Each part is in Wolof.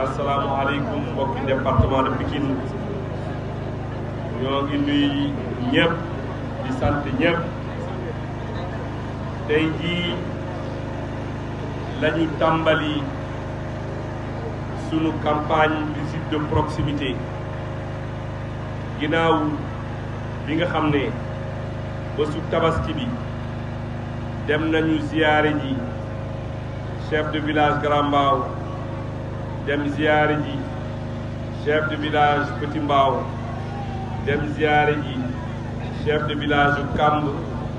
Assalamualaikum, mbokki département de Pikine ñoo ngi nuyu ñëpp di sant ñëpp tey jii la tàmbali sunu campagne visite de proximité ginnaaw bi nga xam ne bésu tabaski bi dem nañu ziyaare ji chef de village Grand dem ziyaare ji chef de village Petit Mbao dem ziyaare ji chef de village yu Kamb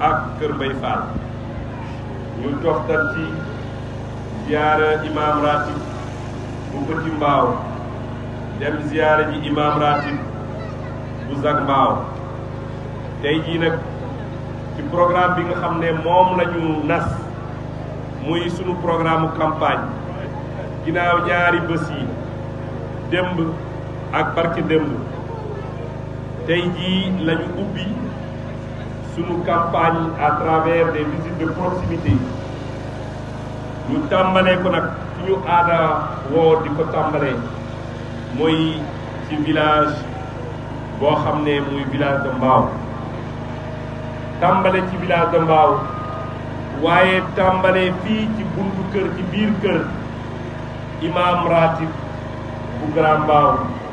ak Kër Mbay Fall ñu toxtal ci ziyaare imam ratib bu Petit dem ziyaare ji imam ratib bu Zac tey jii nag ci programme bi nga xam ne moom la nas muy sunu programme campagne ginaaw ñaari bës yi démb ak barki démb tey jii lañu ubbi sunu campagne à travers des visites de proximité ñu tàmbalee ko nag fi ñu aada woo di ko tàmbalee mooy ci village boo xam ne muy village de mbaaw tàmbale ci village de mbaaw waaye tàmbale fii ci buntu kër ci biir kër imaam ratib bu Grand Mbao